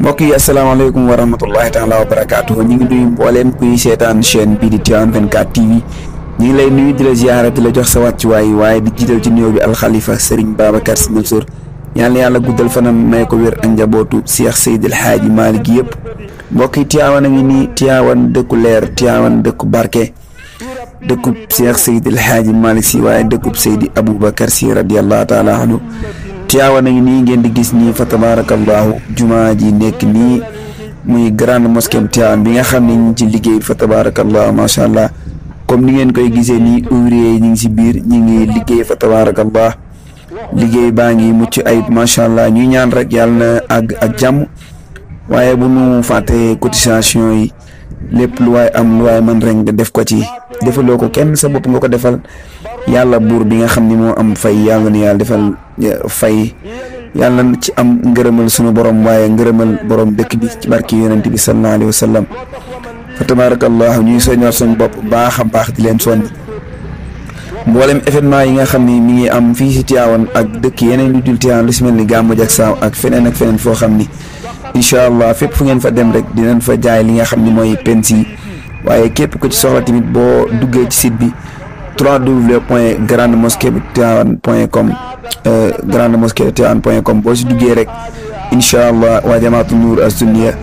mbokk yi asalaamaaleykum wa rahmatullahi taala wa barakaatu ñu ngi nuyu mbooleem kuy seetaan chaîne bii di Tivaouane 24 TV ñu ngi lay nuyu di la ziara la jox sa wàccuwaay waaye di jiital ci néew bi alxalifa Serigne Babacar Sy Mansour yàlla yàlla guddal fanam may ko wér ak njabootu Seex Seydil Xaaji Maalik yëpp mbokk yi Tivaouane a ngi nii Tivaouane dëkku leer Tivaouane dëkku barke dëkkub Seex Seydil Xaaji Maalik si waaye dëkkub Seydi Aboubacar si radiallahu taala anhu Tiwaawan a ngi nii ngeen di gis nii fa tabaarakallaahu jumaa ji nekk nii muy grande mosquée Tiwaawan bi nga xam ne ñu ngi ci liggéey fa tabaarakallaahu macha allah comme ni ngeen koy gisee nii ouvrier yi ñu ngi si biir ñu ngi liggéey fa tabaarakallaahu liggéey baa ngi mucc ayib macha allah ñuy ñaan rek yàlla na àgg ak jàmm waaye bu ñu fàtte cotisation yi. lépp lu waaye am lu waaye man rek nga def ko ci defaloo ko kenn sa bopp nga ko defal yàlla buur bi nga xam ni moo am fay yàlla ni yàlla defal fay yàlla na ci am ngërëmal sunu borom waaye ngërëmal borom dëkk bi ci barki yonent bi sallallahu alayhi wa sallam fa tabaarakallahu ñuy soññoor suñu bopp baax a baax di leen soññ mboolem événement yi nga xam ni mi ngi am fii si Tivaouane ak dëkk yeneen yu dul Tivaouane lu si mel ni gàmmu jak saaw ak feneen ak feneen foo xam ni incha allah fépp fu ngeen fa dem rek dinañ fa jaay li nga xam ni mooy pens yi waaye képp ko ci soxla tamit boo duggee ci site bi www point grande mosquée bu tivaouane point com euh, grande mosquée bu tivaouane point comme boo si duggee rek incha allah waa jamaatu nuur as-sunniya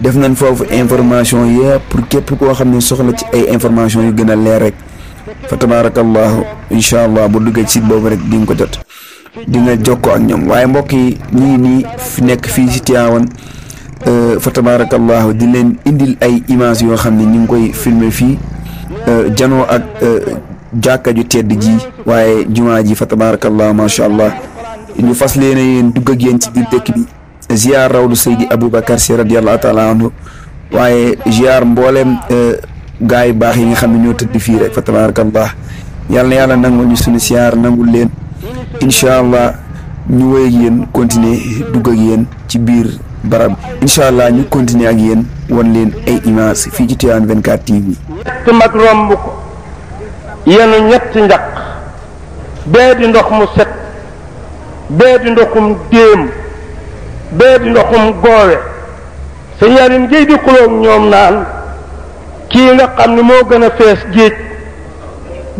def nan foofu information yëpp pour képp koo xam ne soxla ci ay information yu gën a leer rek fa tabaarakallahu incha allah bu duggee ci site boobu rek di ko jot dina jokkoo ak ñoom waaye mbokk yi ñii nii nekk fii si Tiwaawan euh, fa di leen indil ay image yoo xam ne ñu ngi koy filmer fii euh, janoo ak euh, jàkka ju tedd ji waaye jumaa ji fa tabarakallahu macha allah ñu fas leen a dugg ak yéen ci biir dëkk bi ziar rawdu Seydi Aboubacar si radiallahu taala anhu waaye ziar mbooleem gaay yu baax yi nga xam ne ñoo tëdd fii rek fa tabarakallah yàlla na nangul ñu suñu ziar nangul leen incha ñu wéy ak yéen dugg ak yéen ci biir barab incha allah ñu continuer ak yéen wan leen ay image fii ci Tivaouane 24 TV. ñett mag romb ko yenu ñett njaq bee di ndox mu set bee di ndoxum déem bee di ndoxum goowe sa yarin géej di xuloog ñoom naan kii nga xam ne moo gën a fees géej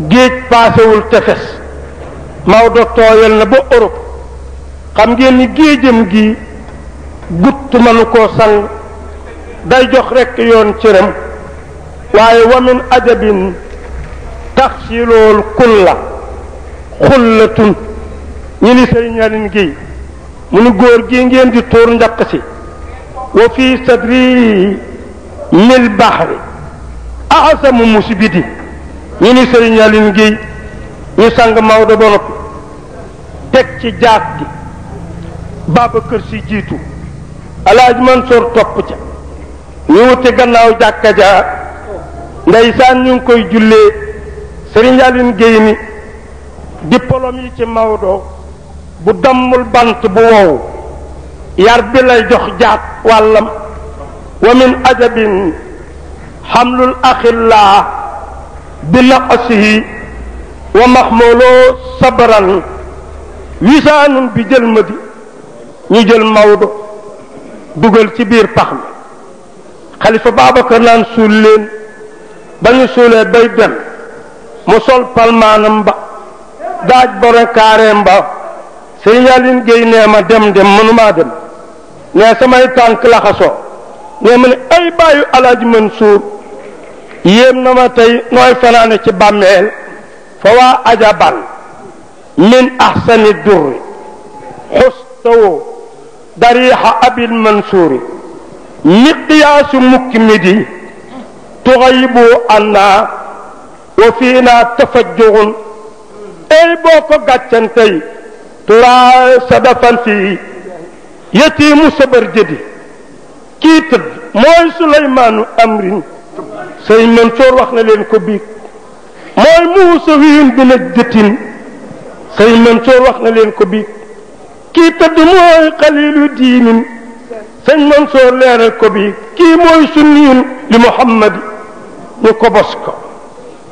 géej paasewul tefes Maodo tooyal na ba Europe xam ngeen ni géejam gi gutt manu ko sang day jox rekk yoon cëram waaye wamin ajabin tax si loolu kulla xullatun ñi ni sëriñ Aline mu ni góor gi ngeen di tuur njaq si wa fii sadri mil bahri ahasamu musibidi ñi ni sëriñ Aline ñu sang Maodo ba noppi teg ci jaag gi Babacar Si jiitu Alaaji Mansoor topp ca ñu wute gannaaw jàkka ja ndeysaan ñu ngi koy jullee Serigne Aline Guèye ni diplôme yi ci Maodo bu dammul bant bu wow yar bi lay jox jaat wàllam wa min ajabin xamlul axillaa bi naqsihi wa maxmooloo sabaran wisaanun bi jël ma di ñu jël Maodo dugal ci biir pax mi xalifa Babacar naan suul leen ba ñu suulee bay dem mu sol palmaanam ba daaj borakaareem ba sëñ Yàllin Géy nee ma dem dem mënumaa dem nee samay tànk laxasoo nee ma ne ay bàyyu alaaji Mansuur yéem na ma tey nooy fanaane ci bàmmeel فوا عجبا من أحسن الدر حسته دريح أبي المنصور مقياس مكمدي تغيب عنا وفينا تفجر أي بوكو غاتشنتي ترى صدفا فيه يتيم صبر جدي كي تد موي سليمان أمرين سيد منصور وخنا لين كبيك mooy muusawiyun bi la jëtin sëriñ Mansoor wax na leen ko bi kii tëdd mooy xalilu diinin sëriñ Mansoor leeral ko bi kii mooy sunniyun li Muhammad ñu ko bos ko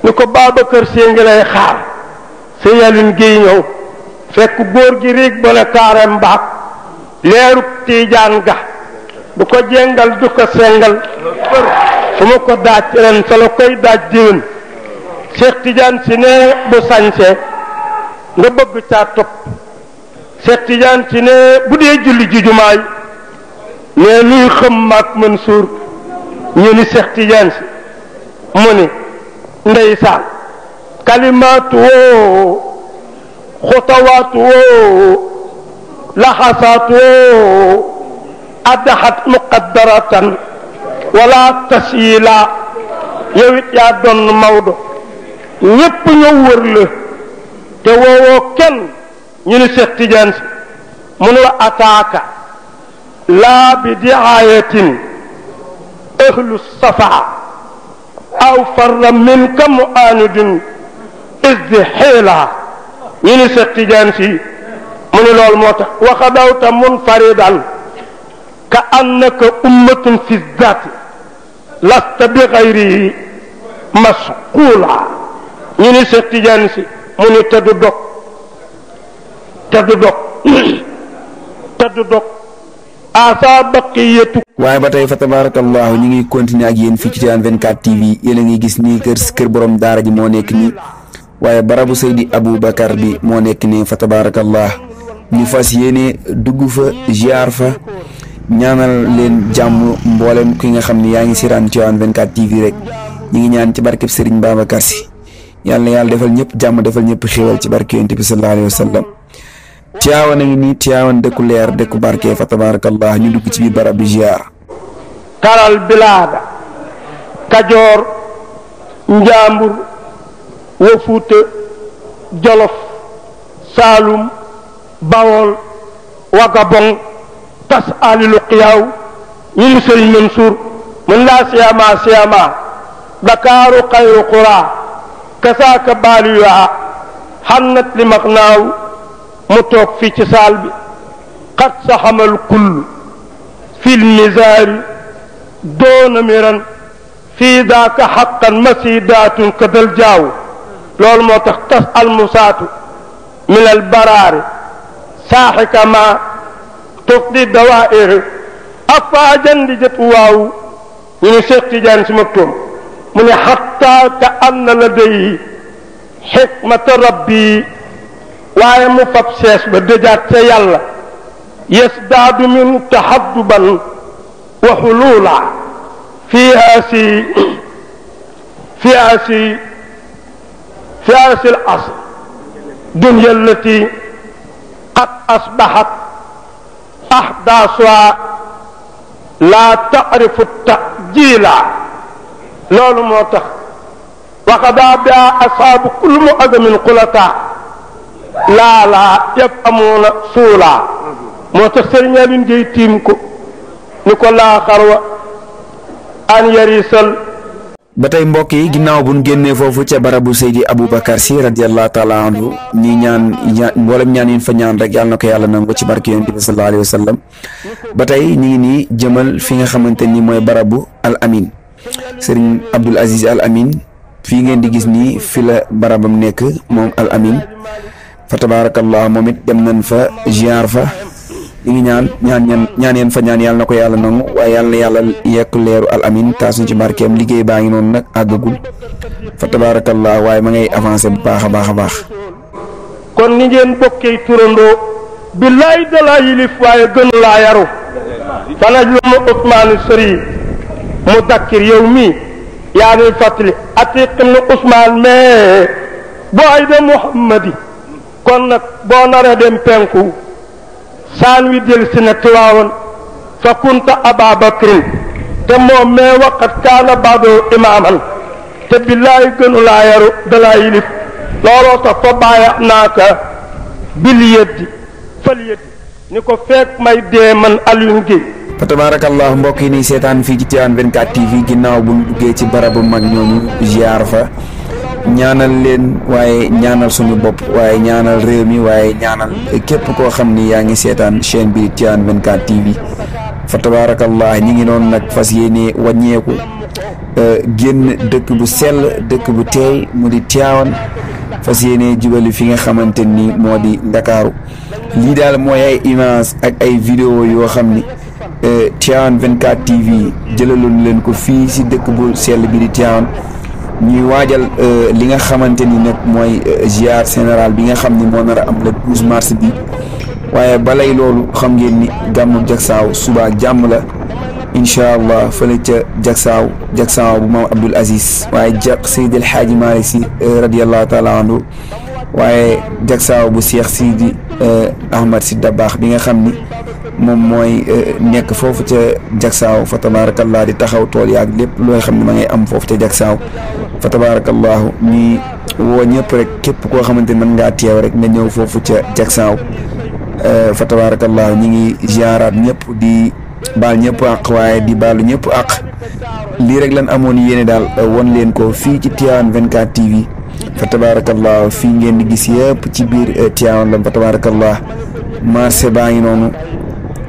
ñu ko Babacar Seye ngi lay xaar sëñ Yalin Guèye ñëw fekk góor gi réeg bala kaarem mbaak leeruk tiijaan ga du ko jengal du ko sengal su ma ko daaj ren sa koy daaj déwén Cheikh Tidiane si ne bu sañse nga bëgg caa topp Cheikh Tidiane si ne bu dee julli ji jumaay ne luy xëm maak Mansour ñu ni Cheikh Tidiane si mu ni ndeysaan kalimaatu woo xutawaatu woo laxasaatu woo addaxat muqaddaratan wala tasyila yow it yaa doon Maodo ñépp ñëw wër la te woowoo kenn ñu ni Cheikh Tidiane mu ne la ataaka laa bi diayatin ahlu safaa aw farra minka mu aanidun isdi xiilaa ñu ni Cheikh Tidiane mu ni loolu moo tax waxadawta munfaridan ka annaka ummatun fi zaati lasta bi gayrihi masquula ñu ni Cheikh Tidiane si mu ni teddu du dog te du dog te du dog asa baqiyatu waaye ba tey fa tabarakallah ñi ngi continuer ak yeen fi ci Tidiane 24 TV yéen a ngi gis nii kër keur borom daara ji mo nek ni waaye barabu Seydi bakkar bi mo nek ni fa tabarakallah ñu fas yéene duggu fa ziar fa ñaanal leen jamm mboolem ki nga xamni yaangi ci ran siraan Tidiane 24 TV rek ñi ngi ñaan ci barkeb Serigne Babacar si yàlla na yàlla defal ñëpp jàmm defal ñëpp xéewal ci barke yonent bi sallallahu alayhi wa ngi nii Tiwaawan dëkku leer dëkku barke fa tabarakallah ñu dugg ci biir barab bi ziar taral bilaada kajoor njaambur wa jolof saalum bawol wagabong tas alilu xiyaaw ñun sëriñ Mansuur mën laa siyaama siyaama dakaaru xayru xuraa kasaaka baalu yaa xannat li max naaw mu toog fii ci saal bi xat sa xamal kull fil misaari doona miran fii daaka xaqan masidaatun ka dal lool moo tax tas almusaatu min al baraari saaxika ma tufdi dawaa'ir afaa jandi jët waaw ñu ni Seex Tijaan si mag من حتى كأن لدي حكمة ربي وأي مفبسيس بدجا تيال يزداد من تحببا وحلولا في آسي في آسي في آسي الأصل دنيا التي قد أصبحت أحداثها لا تعرف التأجيل loolu moo tax waxadaa bia asxaabu kullu mu azamin xulataa laalaa yëpp amoona suulaa moo tax sëriñ Alioune Gueye tiim ko ni ko laa xarwa an yarisal ba tey mbokk yi ginnaaw bu ñu génnee foofu ca barabu Seydi Aboubacar si radiyallahu taala anhu ñaan ñaan mboolem ñaan yi fa ñaan rek yàlla na ko yàlla nangu ci barke yonent bi sallallahu alayhi ba tey ñu ngi nii jëmal fi nga xamante ni mooy barabu al sëriñ Abdul Aziz Al Amin fii ngeen di gis nii fi la barabam nekk moom Al Amin fa tabaarakallah moom it dem nañ fa ziar fa ngi ñaan ñaan ñaan ñaaneen fa na ko yàlla nangu waaye yàlla na yàlla yekk leeru Al Amin taas ci barkeem liggéey baa ngi noonu nag àggagul fa tabaarakallah waaye ma ngay avancé bu baax a baax a baax. kon ni ngeen bokkee turandoo billaay da yilif waaye gën laa yaru. fanaj la ma Ousmane Sëri mudakkir yow mii yaa ngi fàttali atiq ibn Usmaan mais boo ay Muhammadi kon nag boo naree dem penku saan wi del si fa kunta Aba Bakrin te moom mais waqat kaana baadoo imaaman te billaahi gënu laa yaru dalaa yilif looloo fa bàyyi bil yeddi fal yeddi ni ko fekk may dee man Alioune Guèye fa tabaarakallah mbokk yi nii seetaan fii ci Tivaouane 24 TV ginnaaw bu ñu duggee ci barabu mag ñooñu ziar fa ñaanal leen waaye ñaanal suñu bopp waaye ñaanal réew mi waaye ñaanal képp koo xam ni yaa ngi seetaan chaîne bi Tivaouane 24 TV fa tabaarakallah ñi ngi noonu nag fas yéene wàññeeku euh, génn dëkk bu sell dëkk bu teey mu di Tivaouane fas yéene jubali fi nga xamante ni moo di Ndakaaru lii daal mooy ay image ak ay vidéo yoo xam ni euh, Tivaouane 24 TV jëlaloon leen ko fii si dëkk bu sell bi di Tivaouane ñuy waajal euh, li nga xamante ni nag mooy euh, ziar général bi nga xam ni moo nar a am le 12 mars bi waaye balay loolu xam ngeen ni gàmmu jagsaaw suba jàmm la incha allah fële ca jagsaaw jagsaaw bu maam Abdul Aziz waaye jag Seydi El Si radiyallahu taala anhu waaye bu Seex Sidi Eh, ahmad si dabaax bi nga xamni mom moy eh, nek fofu ci ca fa tabarakallah di taxaw tol yaag lepp lo xamni ma ngay am fofu ci jagsaaw fa tabarakallah ni wo ñepp rek kep ko xamanteni man nga tiew rek rek ñew fofu ci ca euh fa tabarakallah ñi ngi ziarat ñepp di bal ñepp ak way di bal ñepp ak. li rek lan amone yene dal eh, won len ko fi ci tian 24 TV fa tabarakallah fi ngeen di gis yépp ci biir Tivaouane la fa tabarakallah marché baa ngi noonu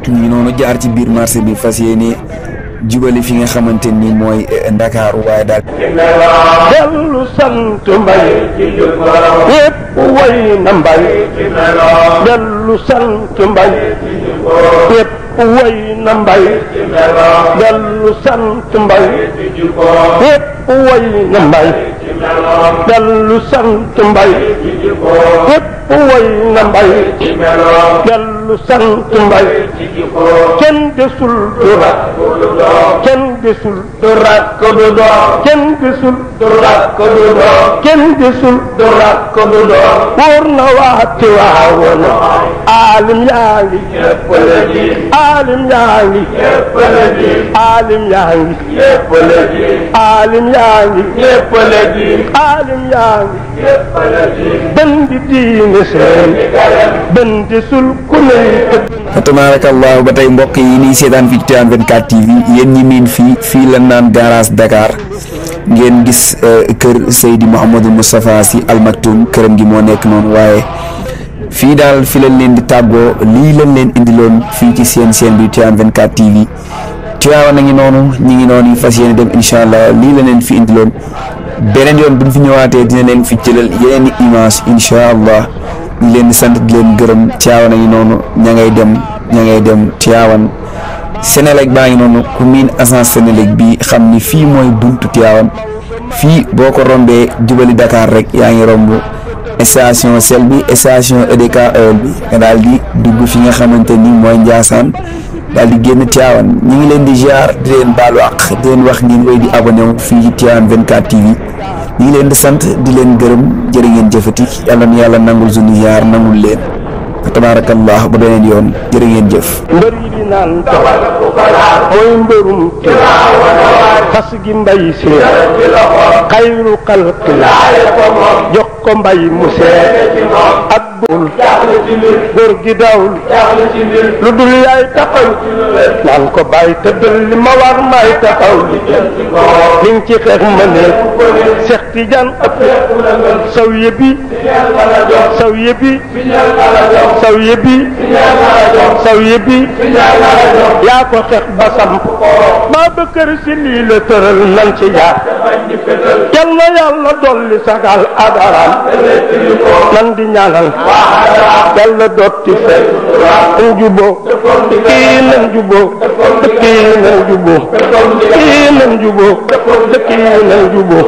ñu noonu jaar ci biir marché bi fas yéene jubali fi nga xamante ni mooy eh, Dakar waaye daal dellu sant mbay yépp way na mbay dellu sant mbay yépp way na mbay dellu sant mbay yépp way na mbay dellu sant mbay képp woy na mbay dellu sant mbay kenn desul du rakk kenn desul du rakk du dox du rakk du doom kenn gisul du rakk du doom wóor na waa Tiwaawoon alim yaa ngi yëpp la ji alim yaa ngi yëpp la ji alim yaa ngi yëpp la ji alim yaa ngi yëpp la ji alim yaa ngi yëpp la ji bandi diine seen bandi sul ku lay tëdd tabaarakallah ba tey mbokk yi nii seetaan fii ci Tivaouane 24 TV yéen ñi miin fii fii la naan garage Dakar ngeen gis Eh, kër Seydi Mouhamadou Moustapha Sy Al Maktoum këram gi moo nekk noonu waaye fii daal fi lañ leen di tàggoo lii lañ leen indiloon fii ci seen seen bi Tivaouane 24 TV Tivaouane a ngi noonu ñi ngi noonu fas yéene dem incha allah lii lañ leen fi indiloon beneen yoon bu ñu fi ñëwaatee dina leen fi jëlal yeneen i image incha allah leen di sant di leen gërëm Tivaouane a ngi noonu ña ngay dem ña ngay dem Tivaouane Sénélec baa ngi noonu ku miin agence Sénélec bi xam ni fii mooy buntu fii boo ko rombee jubali Dakar rek yaa ngi romb station sel bi de EDK heure bi nga daal dugg fi nga xamante ni mooy Ndiassane daal di génn Tivaouane ñu ngi leen di ziar di leen baalu àq di leen wax ngeen wéy di abonné wu fii ci Tivaouane TV ñu ngi leen di sant di leen gërëm jërë ngeen jëfati yàlla na yàlla nangul suñu ziar nangul leen. tabaarakallah ba beneen yoon jërë ngeen jëf. mbër yi di naan tawal mooy mbërum fas gi mbay si xayru xalqi jox ko mbay mu seet ak bul góor gi daawul lu dul yaay taxaw naan ko bàyyi tëddal li ma war maay taxaw li nga ci xeex ma ne Cheikh Tidiane ëpp yaa ko xeex ba baa bëkkër si lii la tëral nan ci jaar yàlla yàlla dolli sagal adaram nan di ñaanal yàlla dotti fay an juboo kii nan juboo kii nan juboo kii nan juboo kii nan juboo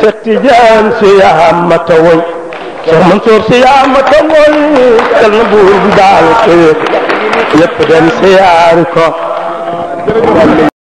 Seex Tijaan si yaa ma tawoy Seex Mansoor si yaa ma tawoy yal na buur bi daal ko yëpp dem siyaar ko